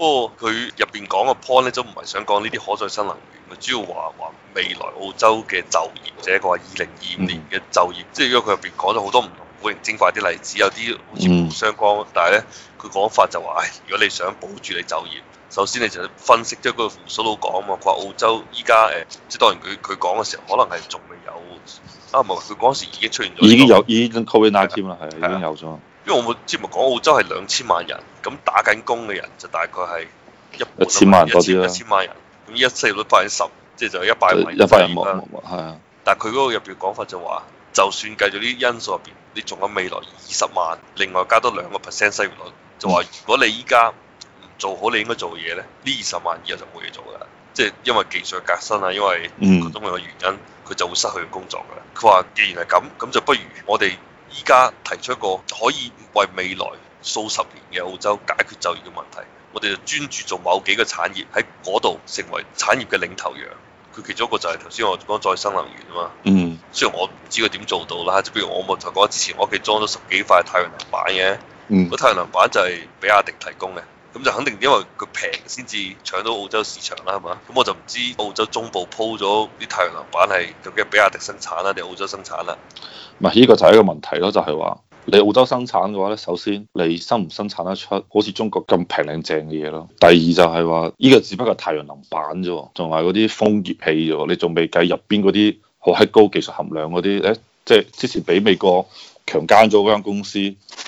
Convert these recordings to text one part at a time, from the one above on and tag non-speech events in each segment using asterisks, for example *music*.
不過佢入邊講個 point 咧，都唔係想講呢啲可再生能源，主要話話未來澳洲嘅就業者，佢話二零二五年嘅就業，嗯、即係如果佢入邊講咗好多唔同古靈精怪啲例子，有啲好似無相關，嗯、但係咧佢講法就話、是，如果你想保住你就業，首先你就分析咗係嗰個副所長講啊嘛，佢、就、話、是、澳洲依家誒，即係當然佢佢講嘅時候，可能係仲未有啊，唔係佢嗰時已經出現已經，已經有已經 COVID 啦，係的已經有咗。因為我冇即係咪講澳洲係兩千,千,千萬人，咁打緊工嘅人就大概係一千萬嗰一千萬人，咁一失業率百分之十，即係就一百萬一百一但係佢嗰個入邊講法就話，係啊。就算計咗啲因素入邊，你仲有未來二十萬，另外加多兩個 percent 失業率，就話如果你依家唔做好你應該做嘅嘢呢，呢二十萬以後就冇嘢做㗎啦。即係因為技術嘅革新啊，因為各種各樣嘅原因，佢、嗯、就會失去工作㗎啦。佢話既然係咁，咁就不如我哋。依家提出一個可以為未來數十年嘅澳洲解決就業嘅問題，我哋就專注做某幾個產業，喺嗰度成為產業嘅領頭羊。佢其中一個就係頭先我講再生能源啊嘛。嗯。雖然我唔知佢點做到啦，即係譬如我咪頭講之前我屋企裝咗十幾塊太陽能板嘅。嗯。嗰太陽能板就係比亞迪提供嘅。咁就肯定因為佢平先至搶到澳洲市場啦，係嘛？咁我就唔知澳洲中部鋪咗啲太陽能板係究竟比亞迪生產啦，定澳洲生產啦？唔係呢個就係一個問題咯，就係話你澳洲生產嘅話咧，首先你生唔生產得出好似中國咁平靚正嘅嘢咯？第二就係話呢個只不過太陽能板啫，仲係嗰啲風熱器啫，你仲未計入邊嗰啲好閪高技術含量嗰啲，誒，即係之前俾美國強姦咗嗰間公司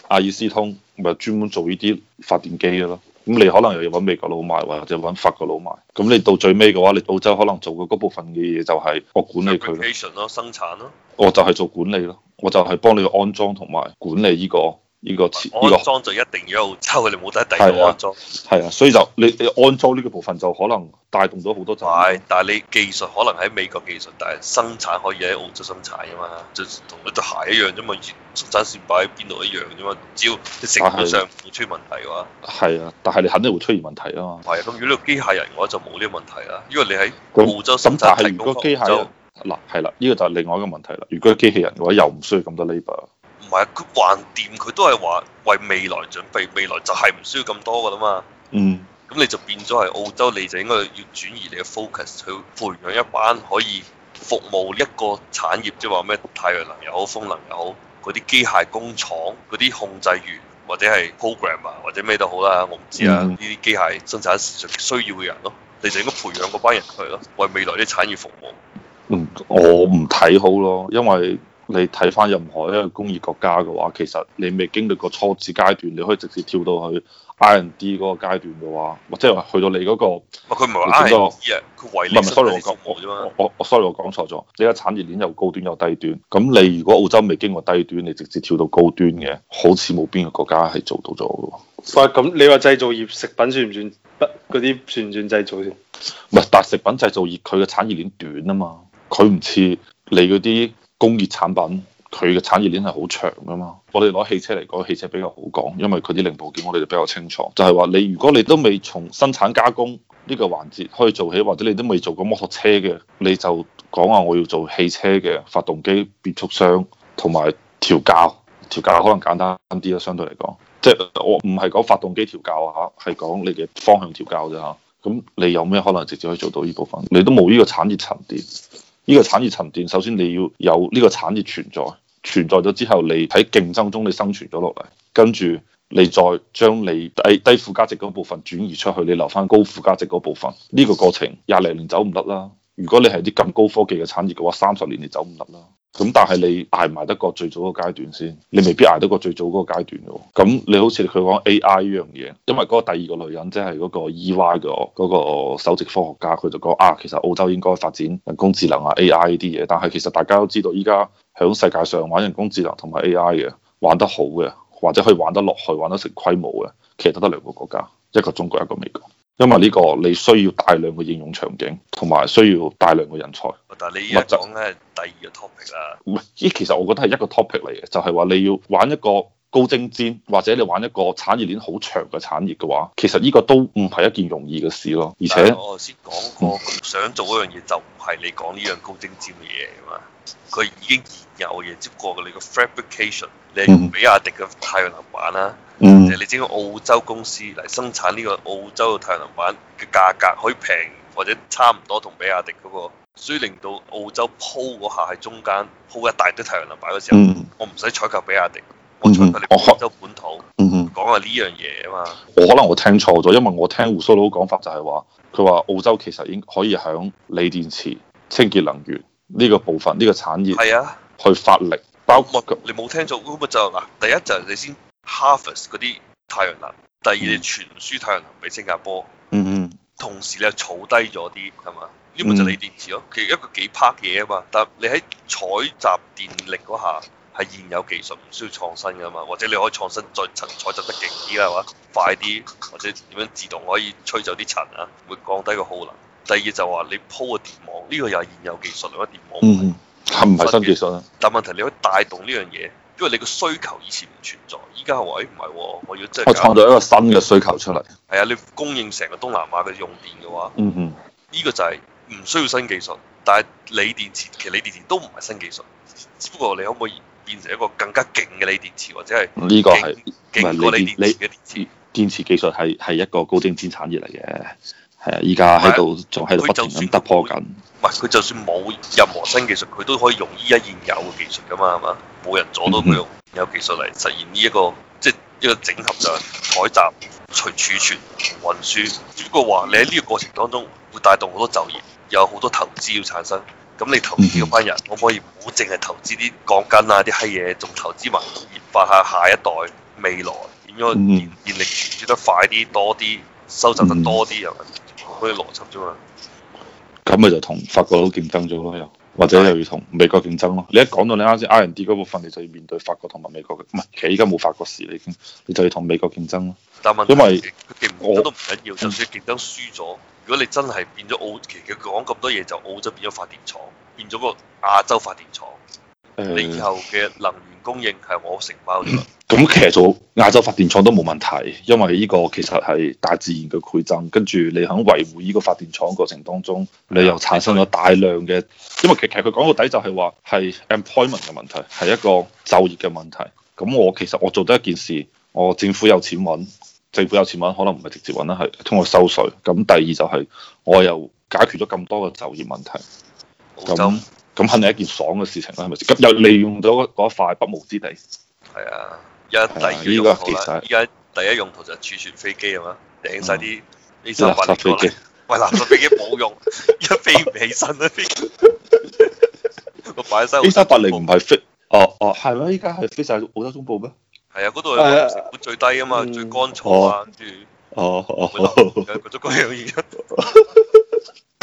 阿爾斯通，咪專門做呢啲發電機嘅咯。咁你可能又要揾美國佬賣，或者揾法國佬賣。咁你到最尾嘅話，你澳洲可能做嘅嗰部分嘅嘢就係我管理佢咯。生產咯。我就係做管理咯，我就係幫你安裝同埋管理呢個。呢、這個安裝就一定要喺澳洲嘅， *noise* 你冇得第二個安裝、啊。係啊，所以就你你安裝呢個部分就可能帶動咗好多。係，但係你技術可能喺美國技術，但係生產可以喺澳洲生產啊嘛。就同對鞋一樣啫嘛，生產線擺喺邊度一樣啫嘛。只要你成本上唔出現問題嘅話，係啊，但係你肯定會出現問題啊嘛。係咁、啊、如、如果機械人嘅話就冇呢個問題啦，因為你喺澳洲生產。咁但係機械，嗱係啦，呢個就係另外一個問題啦。如果機器人嘅話，又唔需要咁多 labour 佢橫掂，佢都係話為未來準備，未來就係唔需要咁多噶啦嘛。嗯。咁你就變咗係澳洲，你就應該要轉移你嘅 focus 去培養一班可以服務一個產業，即係話咩太陽能又好、風能又好，嗰啲機械工廠、嗰啲控制員或者係 program 啊或者咩都好啦，我唔知啊，呢啲、嗯、機械生產市場需要嘅人咯，你就應該培養嗰班人去咯，為未來啲產業服務。我唔睇好咯，因為。你睇翻任何一個工業國家嘅話，其實你未經歷過初始階段，你可以直接跳到去 R&D 嗰個階段嘅話，或者話去到你嗰、那個，佢唔係話 R&D 佢維利 sorry，我講錯咗。依家產業鏈又高端又低端，咁你如果澳洲未經過低端，你直接跳到高端嘅，好似冇邊個國家係做到咗嘅喎。喂、啊，咁你話製造業食品算唔算嗰啲算唔算製造業？唔係，但係食品製造業佢嘅產業鏈短啊嘛，佢唔似你嗰啲。工業產品佢嘅產業鏈係好長噶嘛？我哋攞汽車嚟講，汽車比較好講，因為佢啲零部件我哋就比較清楚。就係話你，如果你都未從生產加工呢個環節可以做起，或者你都未做過摩托車嘅，你就講話我要做汽車嘅發動機、變速箱同埋調校，調校可能簡單啲咯。相對嚟講，即係我唔係講發動機調校啊嚇，係講你嘅方向調校啫嚇。咁你有咩可能直接可以做到呢部分？你都冇呢個產業沉澱。呢個產業沉澱，首先你要有呢個產業存在，存在咗之後，你喺競爭中你生存咗落嚟，跟住你再將你低低附加值嗰部分轉移出去，你留翻高附加值嗰部分。呢個過程廿零年走唔甩啦，如果你係啲咁高科技嘅產業嘅話，三十年你走唔甩啦。咁但係你挨唔挨得過最早個階段先，你未必挨得過最早嗰個階段嘅。咁你好似佢講 AI 呢樣嘢，因為嗰個第二個女人即係嗰個 EY 嘅嗰個首席科學家，佢就講啊，其實澳洲應該發展人工智能啊 AI 呢啲嘢。但係其實大家都知道，依家響世界上玩人工智能同埋 AI 嘅玩得好嘅，或者可以玩得落去、玩得成規模嘅，其實得得兩個國家，一個中國，一個美國。因為呢個你需要大量嘅應用場景，同埋需要大量嘅人才。但係你而家講咧係第二個 topic 啦。唔係，咦其實我覺得係一個 topic 嚟嘅，就係、是、話你要玩一個高精尖，或者你玩一個產業鏈好長嘅產業嘅話，其實呢個都唔係一件容易嘅事咯。而且我先講過，嗯、想做嗰樣嘢就唔係你講呢樣高精尖嘅嘢嚟嘛，佢已經現有嘢，接不過你個 fabrication 你用比亞迪嘅太陽能板啦。嗯嗯嗯，你知澳洲公司嚟生產呢個澳洲嘅太陽能板嘅價格可以平或者差唔多同比亞迪嗰個，所以令到澳洲鋪嗰下喺中間鋪一大堆太陽能板嘅時候，嗯、我唔使採購比亞迪，我採購你澳洲本土，嗯、講下呢樣嘢啊嘛。我可能我聽錯咗，因為我聽胡鬚佬講法就係話，佢話澳洲其實已經可以喺鋰電池、清潔能源呢個部分呢個產業係啊，去發力、啊、包括。唔係，你冇聽錯咁就嗱，第一就係你先。harvest 嗰啲太陽能，第二你傳輸太陽能俾新加坡，嗯嗯、mm，hmm. 同時你又儲低咗啲係嘛，呢個、這個、就鋰電池咯，其實一個幾 part 嘢啊嘛，但你喺採集電力嗰下係現有技術，唔需要創新噶嘛，或者你可以創新再層採集得勁啲係嘛，快啲或者點樣自動可以吹走啲塵啊，會降低個耗能。第二就話、是、你鋪個電網，呢、這個又係現有技術啊嘛，那個、電網嗯嗯，係唔係新技術啊？但問題你可以帶動呢樣嘢。因為你個需求以前唔存在，依家係誒唔係，我要即係我創造一個新嘅需求出嚟。係啊，你供應成個東南亞嘅用電嘅話，嗯哼，呢個就係唔需要新技術，但係鋰電池，其實鋰電池都唔係新技術，只不過你可唔可以變成一個更加勁嘅鋰電池，或者係呢個係唔係？你你電池電池技術係係一個高精尖產業嚟嘅。係啊！依家喺度，仲喺度不斷咁突破緊。唔係佢就算冇任何新技術，佢都可以用依一現有嘅技術噶嘛，係嘛？冇人阻到佢用有技術嚟實現呢、這、一個，嗯、哼即係一個整合就係採集、除儲存、運輸。只不過話你喺呢個過程當中會帶動好多就業，有好多投資要產生，咁你投資嗰班人、嗯、哼可唔可以唔好淨係投資啲鋼筋啊啲閪嘢，仲投資埋研發一下下一代未來點樣電電力轉得快啲多啲，收集得多啲啊？嗯哼嗯可以邏輯啫嘛，咁咪就同法國佬競爭咗咯，又或者又要同美國競爭咯。你一講到你啱先 R&D 嗰部分，你就要面對法國同埋美國嘅，唔係其實依家冇法國事，你已經你就要同美國競爭咯。因為佢競爭都唔緊要，就算競爭輸咗，如果你真係變咗澳，其實講咁多嘢就澳洲變咗發電廠，變咗個亞洲發電廠，你以後嘅能源。供應係我承包。咁其實做亞洲發電廠都冇問題，因為呢個其實係大自然嘅饋贈，跟住你喺維護呢個發電廠過程當中，你又產生咗大量嘅，因為其實其實佢講到底就係話係 employment 嘅問題，係一個就業嘅問題。咁我其實我做得一件事，我政府有錢揾，政府有錢揾，可能唔係直接揾啦，係通過收稅。咁第二就係我又解決咗咁多嘅就業問題。咁。咁肯定一件爽嘅事情啦，係咪先？咁又利用咗嗰塊不毛之地。係啊，依家第一用途，依家、啊這個、第一用途就儲存飛機啊嘛，掟晒啲 A380 嚟。唔係藍色飛機冇用，一 *laughs* 飛唔起身 *laughs* 啊！啊 A380 嚟唔係飛，哦哦，係咯，依家係飛晒澳洲中部咩？係啊，嗰度係成本最低啊嘛，嗯、最乾燥啊，跟住哦哦。個、啊啊啊啊啊 *laughs*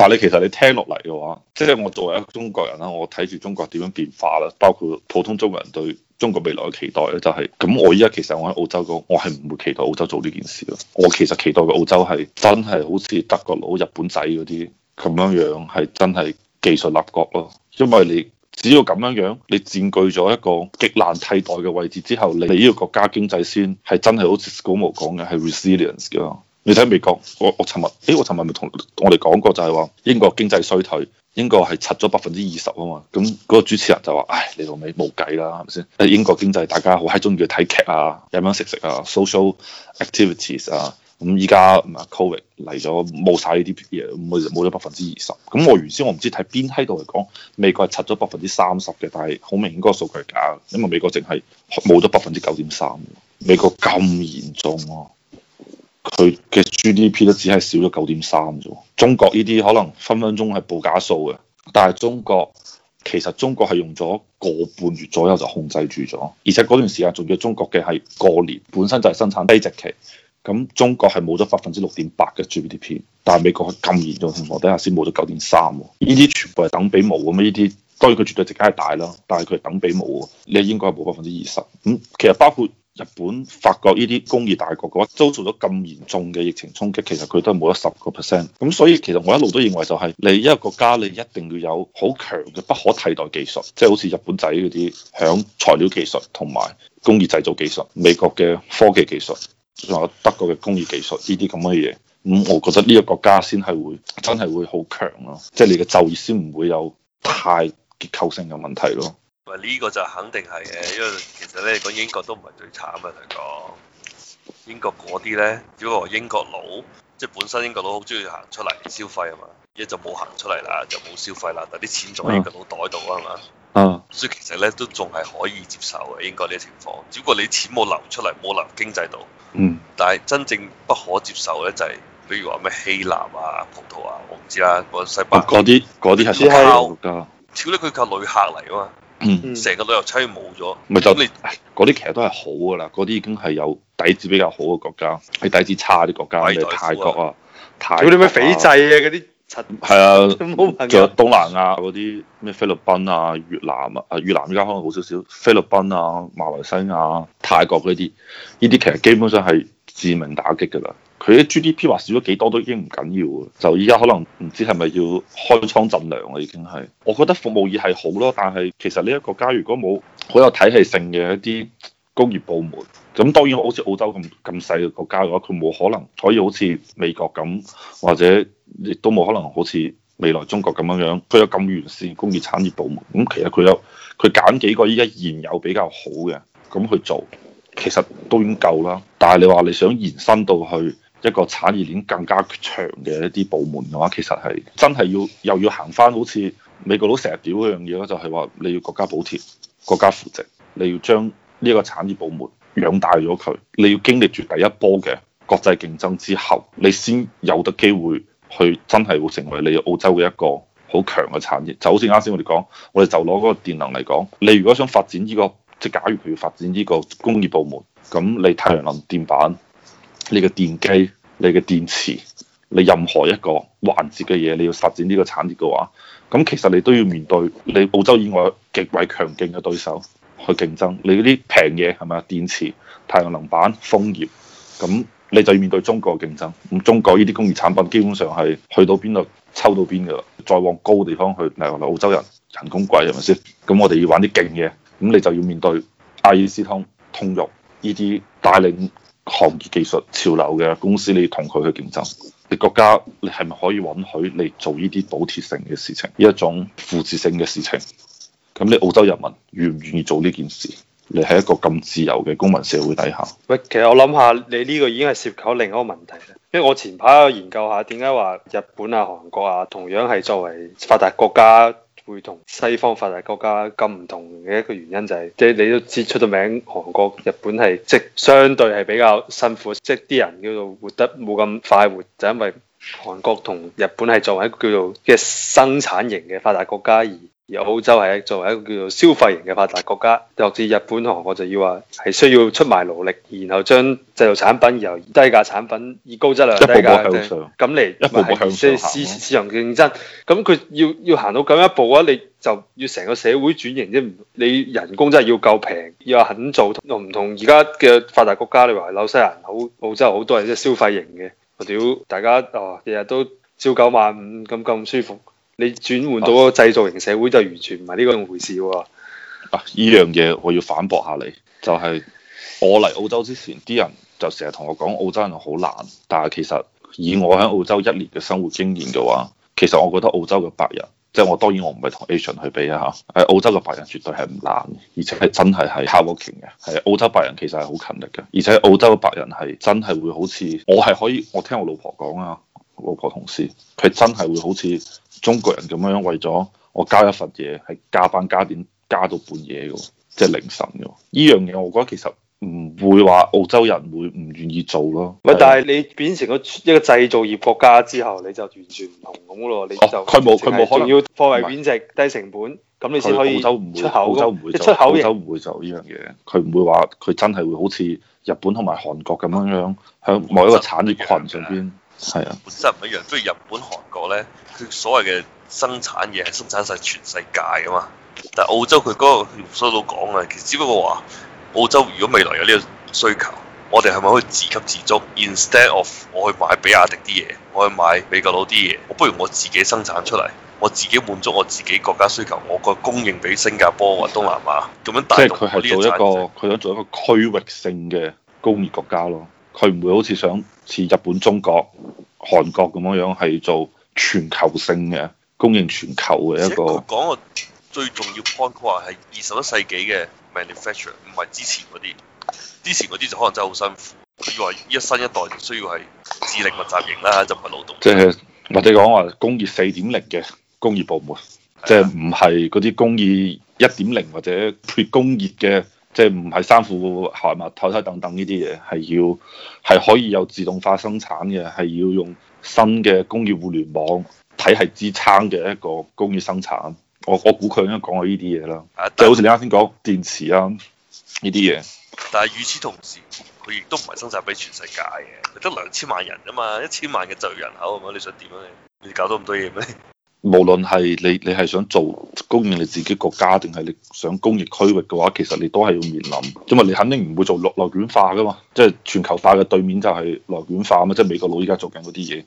但你其實你聽落嚟嘅話，即係我作為一個中國人啦，我睇住中國點樣變化啦，包括普通中國人對中國未來嘅期待咧，就係咁。我依家其實我喺澳洲講，我係唔會期待澳洲做呢件事咯。我其實期待嘅澳洲係真係好似德國佬、日本仔嗰啲咁樣樣，係真係技術立國咯。因為你只要咁樣樣，你佔據咗一個極難替代嘅位置之後，你呢個國家經濟先係真係好似史古莫講嘅係 resilience 嘅。你睇美國，我我尋日，誒我尋日咪同我哋講過，就係話英國經濟衰退，英國係拆咗百分之二十啊嘛。咁、那、嗰個主持人就話，唉，你老尾冇計啦，係咪先？英國經濟大家好閪中意去睇劇啊，飲飲食食啊，social activities 啊。咁依家唔係 COVID 嚟咗，冇晒呢啲嘢，冇冇咗百分之二十。咁我原先我唔知睇邊閪度嚟講，美國係拆咗百分之三十嘅，但係好明顯嗰個數據假，因為美國淨係冇咗百分之九點三。美國咁嚴重、啊佢嘅 GDP 都只係少咗九點三啫喎，中國呢啲可能分分鐘係報假數嘅，但係中國其實中國係用咗個半月左右就控制住咗，而且嗰段時間仲要中國嘅係過年本身就係生產低值期，咁中國係冇咗百分之六點八嘅 GDP，但係美國係咁嚴重情況底下先冇咗九點三喎，呢啲全部係等比冇咁呢啲當然佢絕對值梗係大啦，但係佢等比冇，你應該係冇百分之二十咁，其實包括。日本、法國呢啲工業大國嘅話，遭受咗咁嚴重嘅疫情衝擊，其實佢都係冇得十個 percent。咁所以其實我一路都認為就係你一個國家，你一定要有好強嘅不可替代技術，即係好似日本仔嗰啲響材料技術同埋工業製造技術，美國嘅科技技術，仲有德國嘅工業技術呢啲咁嘅嘢。咁我覺得呢個國家先係會真係會好強咯，即係你嘅就業先唔會有太結構性嘅問題咯。呢個就肯定係嘅，因為其實咧講英國都唔係最慘嘅。嚟講，英國嗰啲咧，主要係英國佬，即係本身英國佬好中意行出嚟消費啊嘛，一就冇行出嚟啦，就冇消費啦，但啲錢在英國佬袋度啊嘛，嗯、啊，啊、所以其實咧都仲係可以接受嘅英國呢啲情況，只不過你啲錢冇流出嚟，冇流經濟度，嗯，但係真正不可接受咧就係、是，比如話咩希臘啊、葡萄牙、啊，我唔知啦，個西班牙嗰啲啲係燒包，主要咧佢靠旅客嚟啊嘛。嗯，成個旅遊區冇咗，咁你嗰啲其實都係好噶啦，嗰啲已經係有底子比較好嘅國家，喺底子差啲國家，咩泰國啊，泰啲咩匪制啊，嗰啲，係啊，仲有、啊啊、有東南亞嗰啲咩菲律賓啊、越南啊，啊越南依家可能好少少，菲律賓啊、馬來西亞、泰國嗰啲，呢啲其實基本上係。致命打擊㗎啦！佢啲 GDP 話少咗幾多都已經唔緊要，就依家可能唔知係咪要開倉賑糧啊，已經係。我覺得服務業係好咯，但係其實呢一個國家如果冇好有，有體系性嘅一啲工業部門，咁當然好似澳洲咁咁細嘅國家嘅話，佢冇可能可以好似美國咁，或者亦都冇可能好似未來中國咁樣樣，佢有咁完善工業產業部門，咁其實佢有佢揀幾個依家現有比較好嘅咁去做。其實都已經夠啦，但係你話你想延伸到去一個產業鏈更加長嘅一啲部門嘅話，其實係真係要又要行翻好似美國佬成日屌一樣嘢咯，就係話你要國家補貼、國家扶植，你要將呢一個產業部門養大咗佢，你要經歷住第一波嘅國際競爭之後，你先有得機會去真係會成為你澳洲嘅一個好強嘅產業。就好似啱先我哋講，我哋就攞嗰個電能嚟講，你如果想發展呢個。即係假如佢要發展呢個工業部門，咁你太陽能電板、你嘅電機、你嘅電池、你任何一個環節嘅嘢，你要發展呢個產業嘅話，咁其實你都要面對你澳洲以外極為強勁嘅對手去競爭。你嗰啲平嘢係咪啊？電池、太陽能板、風葉，咁你就要面對中國嘅競爭。咁中國呢啲工業產品基本上係去到邊度抽到邊㗎，再往高地方去，例如澳洲人人工貴係咪先？咁我哋要玩啲勁嘢。咁你就要面對阿爾斯通、通用呢啲帶領行業技術潮流嘅公司，你同佢去競爭。你國家你係咪可以允許你做呢啲補貼性嘅事情？呢一種扶持性嘅事情，咁你澳洲人民願唔願意做呢件事？你喺一個咁自由嘅公民社會底下喂，其實我諗下你呢個已經係涉及另一個問題咧，因為我前排研究下點解話日本啊、韓國啊，同樣係作為發達國家。會同西方發達國家咁唔同嘅一個原因就係、是，即係你都知出到名，韓國、日本係即相對係比較辛苦，即啲人叫做活得冇咁快活，就因為韓國同日本係作為一個叫做即係生產型嘅發達國家而。由澳洲係作為一個叫做消費型嘅發達國家，甚至日本、韓國就要話係需要出賣勞力，然後將製造產品由低價產品以高質量低價，咁嚟一步向一步向市，市，市，市場競爭。咁佢、啊、要要行到咁一步嘅話，你就要成個社會轉型啫。你人工真係要夠平，要話肯做，又唔同而家嘅發達國家？你話紐西蘭好、澳洲好多係即係消費型嘅，我屌大家哦，日日都朝九晚五咁咁舒服。你轉換到個製造型社會就完全唔係呢個回事喎、啊。啊！依樣嘢我要反駁下你，就係、是、我嚟澳洲之前，啲人就成日同我講澳洲人好懶，但係其實以我喺澳洲一年嘅生活經驗嘅話，其實我覺得澳洲嘅白人，即係我當然我唔係同 Asian 去比啊，係澳洲嘅白人絕對係唔懶，而且係真係係 hardworking 嘅。係澳洲白人其實係好勤力嘅，而且澳洲嘅白人係真係會好似我係可以，我聽我老婆講啊，老婆同事佢真係會好似。中國人咁樣樣為咗我交一份嘢，係加班加點加到半夜嘅喎，即係凌晨嘅喎。呢樣嘢我覺得其實唔會話澳洲人會唔願意做咯。喂，但係你變成咗一個製造業國家之後，你就完全唔同咁咯。你就佢冇佢冇，仲要貨幣貶值、低成本，咁你先可以出口。澳洲唔會，澳洲唔會就澳洲唔會做呢樣嘢。佢唔會話佢真係會好似日本同埋韓國咁樣樣，喺某一個產業群上邊。係是啊，本身唔一樣。雖然日本、韓國呢，佢所謂嘅生產嘢係生產晒全世界噶嘛。但係澳洲佢嗰、那個，我都講啊，其實只不過話澳洲如果未來有呢個需求，我哋係咪可以自給自足？Instead of 我去買比亞迪啲嘢，我去買美國佬啲嘢，我不如我自己生產出嚟，我自己滿足我自己國家需求，我個供應俾新加坡或東南亞咁是、啊、樣但即係佢係做一個，佢想做一個區域性嘅工熱國家咯。佢唔會好似想。似日本、中國、韓國咁樣樣，係做全球性嘅供應全球嘅一個、就係。講個最重要 point 話係二十一世紀嘅 manufacture，唔係之前嗰啲。之前嗰啲就可能真係好辛苦。佢以為一新一代就需要係智力密集型啦，就唔係勞動。即係或者講話工業四點零嘅工業部門，即係唔係嗰啲工業一點零或者工業嘅。即係唔係衫褲鞋襪、台梯等等呢啲嘢，係要係可以有自動化生產嘅，係要用新嘅工業互聯網體系支撐嘅一個工業生產。我我估佢應該講過呢啲嘢啦。即係、啊、好似你啱先講電池啊呢啲嘢。但係與此同時，佢亦都唔係生產俾全世界嘅，得兩千萬人啊嘛，一千萬嘅就業人口咁嘛。你想點樣你搞到咁多嘢咩？ *laughs* 無論係你你係想做供應你自己國家，定係你想工業區域嘅話，其實你都係要面臨，因為你肯定唔會做內卷化噶嘛，即係全球化嘅對面就係內卷化啊嘛，即係美國佬依家做緊嗰啲嘢，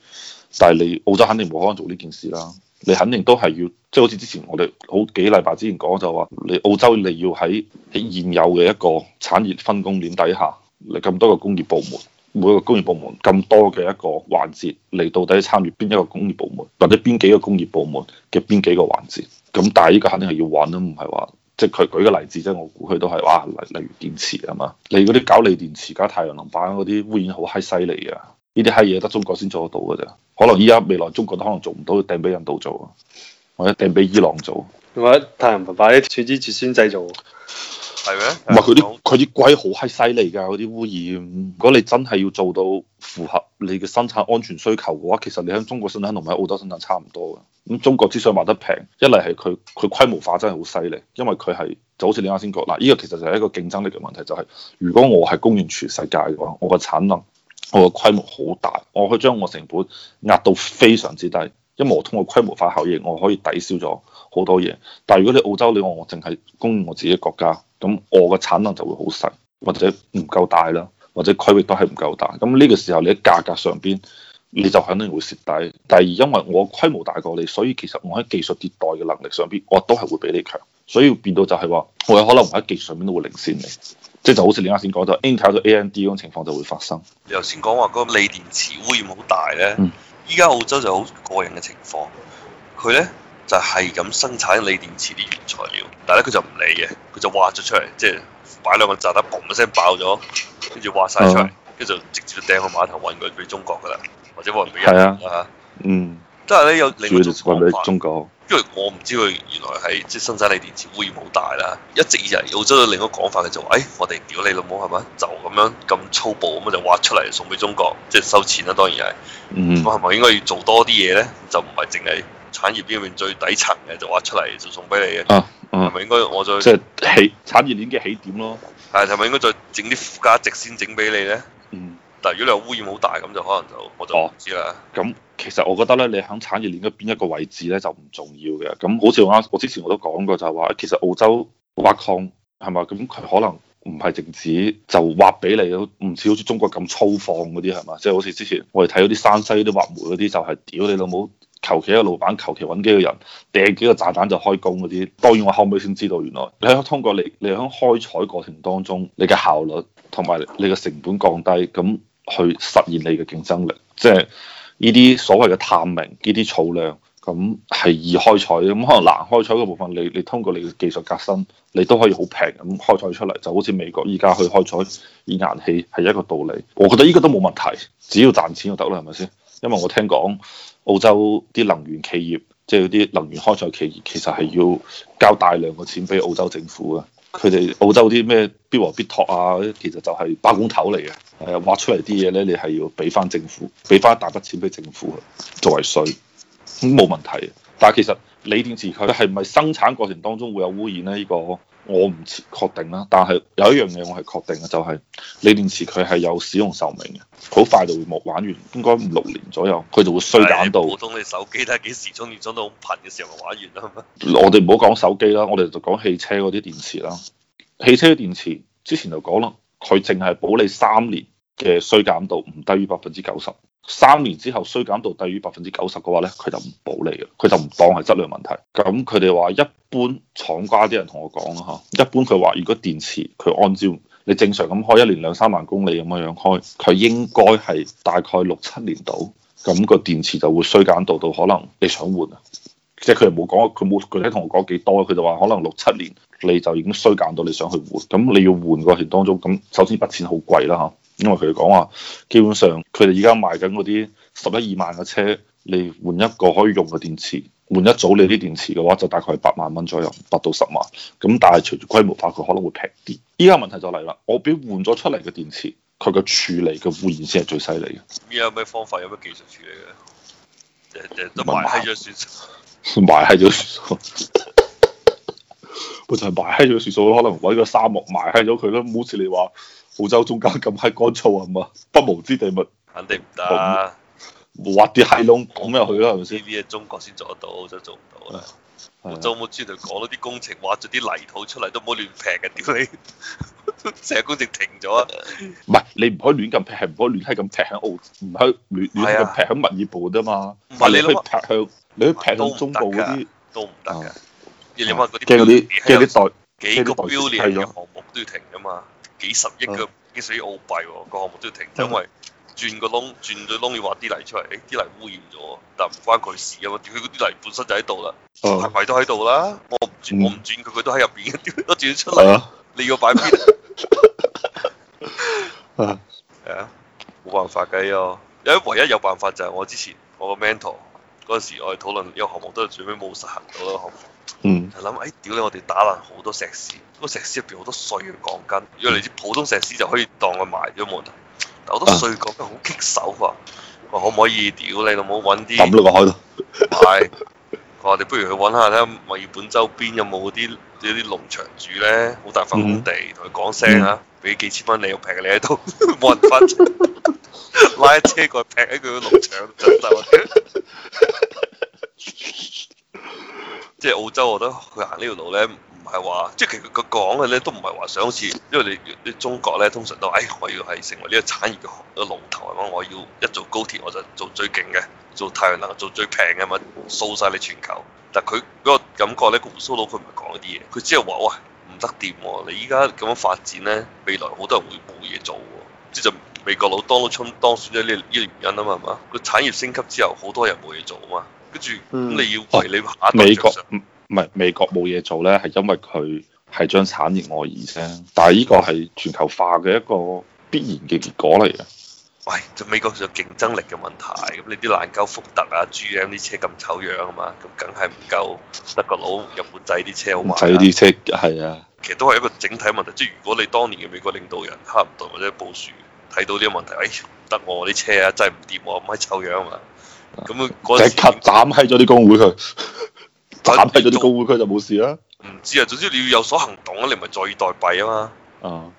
但係你澳洲肯定冇可能做呢件事啦，你肯定都係要，即係好似之前我哋好幾禮拜之前講就話，你澳洲你要喺喺現有嘅一個產業分工鏈底下，你咁多個工業部門。每個工業部門咁多嘅一個環節，你到底參與邊一個工業部門，或者邊幾個工業部門嘅邊幾個環節？咁但係依個肯定係要揾啦，唔係話即係佢舉嘅例子，即係我估佢都係話，例例如電池啊嘛，你嗰啲搞鋰電池、搞太陽能板嗰啲污染好閪犀利啊！呢啲閪嘢得中國先做得到㗎啫，可能依家未來中國都可能做唔到，掟俾印度做，或者掟俾伊朗做。點解太陽能化啲樹之植先製造？係咩嗎？唔係佢啲佢啲鬼好閪犀利噶，嗰啲污染。如果你真係要做到符合你嘅生產安全需求嘅話，其實你喺中國生產同埋喺澳洲生產差唔多嘅。咁中國之所以賣得平，一嚟係佢佢規模化真係好犀利，因為佢係就好似你啱先講嗱，呢個其實就係一個競爭力嘅問題，就係、是、如果我係供應全世界嘅話，我個產能、我個規模好大，我可以將我成本壓到非常之低，因為我通過規模化效應，我可以抵消咗。好多嘢，但係如果你澳洲，你話我淨係供我自己國家，咁我嘅產能就會好細，或者唔夠大啦，或者區域都係唔夠大，咁呢個時候你喺價格上邊，你就肯定會蝕底。第二，因為我規模大過你，所以其實我喺技術迭代嘅能力上邊，我都係會比你強，所以變到就係話，我有可能唔喺技術上面都會領先你，即係就好似你啱先講就 Intel 到 AMD 嗰種情況就會發生。你頭先講話嗰鋰電池污染好大咧，依家澳洲就好個人嘅情況，佢咧。就係咁生產鋰電池啲原材料，但係咧佢就唔理嘅，佢就挖咗出嚟，即係擺兩個炸彈，嘣一聲爆咗，跟住挖晒出嚟，跟住、嗯、就直接掟去碼頭，運佢俾中國㗎啦，或者運俾人，人。係啊、嗯，嗯，即係咧有另外一種講法，法，因為我唔知佢原來係即係生產鋰電池污染好大啦，一直以嚟澳洲有另一個講法，佢就話：，誒，我哋屌你老母係咪？就咁樣咁粗暴咁就挖出嚟送俾中國，即係收錢啦，當然係。嗯。咁係咪應該要做多啲嘢咧？就唔係淨係。產業鏈入面最底層嘅就挖出嚟就送俾你嘅，係咪、啊嗯、應該我再即係起產業鏈嘅起點咯？係，係咪應該再整啲附加值先整俾你咧？嗯，但係如果你話污染好大，咁就可能就我就唔知啦。咁、哦、其實我覺得咧，你喺產業鏈嘅邊一個位置咧就唔重要嘅。咁好似我啱，我之前我都講過就係話，其實澳洲挖礦係咪咁？佢可能唔係淨止就挖俾你，唔似好似中國咁粗放嗰啲係嘛？即係、就是、好似之前我哋睇嗰啲山西啲挖煤嗰啲，就係屌你老母！求其一個老闆，求其搵幾個人，掟幾個炸彈就開工嗰啲。當然我後屘先知道，原來你喺通過你你喺開採過程當中，你嘅效率同埋你嘅成本降低，咁去實現你嘅競爭力。即係呢啲所謂嘅探明呢啲儲量，咁係易開採嘅。咁可能難開採嘅部分，你你通過你嘅技術革新，你都可以好平咁開採出嚟。就好似美國依家去開採頁岩氣係一個道理。我覺得呢個都冇問題，只要賺錢就得啦，係咪先？因為我聽講澳洲啲能源企業，即係啲能源開採企業，其實係要交大量嘅錢俾澳洲政府嘅。佢哋澳洲啲咩必和必拓啊，其實就係包工頭嚟嘅，係挖出嚟啲嘢咧，你係要俾翻政府，俾翻一大筆錢俾政府，作為稅，冇問題。但係其實鋰電池佢係唔係生產過程當中會有污染呢？呢個我唔確定啦，但係有一樣嘢我係確定嘅，就係鋰電池佢係有使用壽命嘅，好快就會冇玩完，應該五六年左右佢就會衰減到。當你手機都係幾時充電充到好頻嘅時候就玩完啦。我哋唔好講手機啦，我哋就講汽車嗰啲電池啦。汽車電池之前就講啦，佢淨係保你三年嘅衰減度唔低於百分之九十。三年之後衰減到低於百分之九十嘅話咧，佢就唔保你嘅，佢就唔當係質量問題。咁佢哋話一般廠家啲人同我講啦吓，一般佢話如果電池佢按照你正常咁開，一年兩三萬公里咁嘅樣開，佢應該係大概六七年度。咁個電池就會衰減到到可能你想換啊。即係佢又冇講，佢冇具體同我講幾多，佢就話可能六七年你就已經衰減到你想去換。咁你要換過程當中，咁首先筆錢好貴啦吓。因為佢哋講話，基本上佢哋而家賣緊嗰啲十一二萬嘅車，你換一個可以用嘅電池，換一組你啲電池嘅話，就大概係八萬蚊左右，八到十萬。咁但係隨住規模化，佢可能會平啲。依家問題就嚟啦，我俾換咗出嚟嘅電池，佢嘅處理嘅污染先係最犀利嘅。依家有咩方法，有咩技術處理嘅？淨淨得埋咗算數，先 *laughs* 埋咗算數，就 *laughs* 係埋咗算數，可能搵個沙漠埋喺咗佢咯，好似你話。澳洲中間咁閪乾燥係嘛？不毛之地物肯定唔得。啊，挖啲閪窿，講咩？去啦，係咪先？呢啲嘢中國先做得到，就做唔到啦。澳洲冇專門講嗰啲工程，挖咗啲泥土出嚟都唔好亂劈嘅屌你！成日工程停咗。唔係你唔可以亂咁劈，係唔可以亂閪咁劈喺澳，唔可以亂亂咁劈喺物業部啫嘛。唔係你去劈向，你去劈向中部嗰啲都唔得嘅。你話嗰啲，即係嗰啲代幾個 million 嘅項目都要停啊嘛。幾十億嘅，啊、幾十億澳幣個項目都要停，因為轉個窿，轉咗窿要挖啲泥出嚟，誒、哎，啲泥污染咗，但唔關佢事啊嘛，佢啲泥本身就喺度啦，係咪、啊、都喺度啦，我唔轉，嗯、我唔轉佢，佢都喺入邊嘅，點解轉咗出嚟？啊、你要擺邊？係啊，冇、 *laughs* *laughs* yeah, 辦法嘅，因為唯一有辦法就係我之前我個 mentor 嗰陣時，我哋討論呢個項目都係最尾冇實行到。一個項目。嗯，就諗哎，屌你！我哋打爛好多石屎，個石屎入邊好多碎嘅鋼筋，如果嚟自普通石屎就可以當佢埋咗冇問題。但好多碎鋼筋好棘手啊！我可唔可以屌你老母，搵啲抌落個海度？係，我哋不如去搵下咧，墨爾本周邊有冇啲有啲農場主咧？好大份土地，同佢講聲啊，俾幾千蚊你，平你喺度，冇 *laughs* 人分， *laughs* *laughs* 拉一車過去劈喺佢個農場度 *laughs* 即係澳洲，我覺得佢行呢條路咧，唔係話，即係其實佢講嘅咧都唔係話想似，因為你啲中國咧通常都，哎，我要係成為呢個產業嘅龍頭啊嘛，我要一做高鐵我就做最勁嘅，做太陽能做最平嘅嘛，掃晒你全球。但佢嗰個感覺咧，個胡蘇佬佢唔係講呢啲嘢，佢只係話，喂，唔得掂，你依家咁樣發展咧，未來好多人會冇嘢做。即係就美國佬當春當選咗呢呢個原因啊嘛，係嘛，個產業升級之後，好多人冇嘢做啊嘛。跟住、嗯、你要為你美國唔係美國冇嘢做咧，係因為佢係將產業外移啫。但係依個係全球化嘅一個必然嘅結果嚟嘅。喂、哎，就美國就競爭力嘅問題咁，你啲爛鳩福特啊、G M 啲車咁醜樣啊嘛，咁梗係唔夠德國佬、日本仔啲車好嘛。啦。製啲車係啊，啊其實都係一個整體問題。即係如果你當年嘅美國領導人慳唔到或者部署睇到啲問題，哎，得我啲車啊真係唔掂喎，唔係醜樣啊嘛。咁啊！即刻斬閪咗啲工會，佢， *laughs* 斬閪咗啲工會，佢就冇事啦。唔知啊，總之你要有所行動啊，你唔係坐以待斃啊嘛。啊、嗯！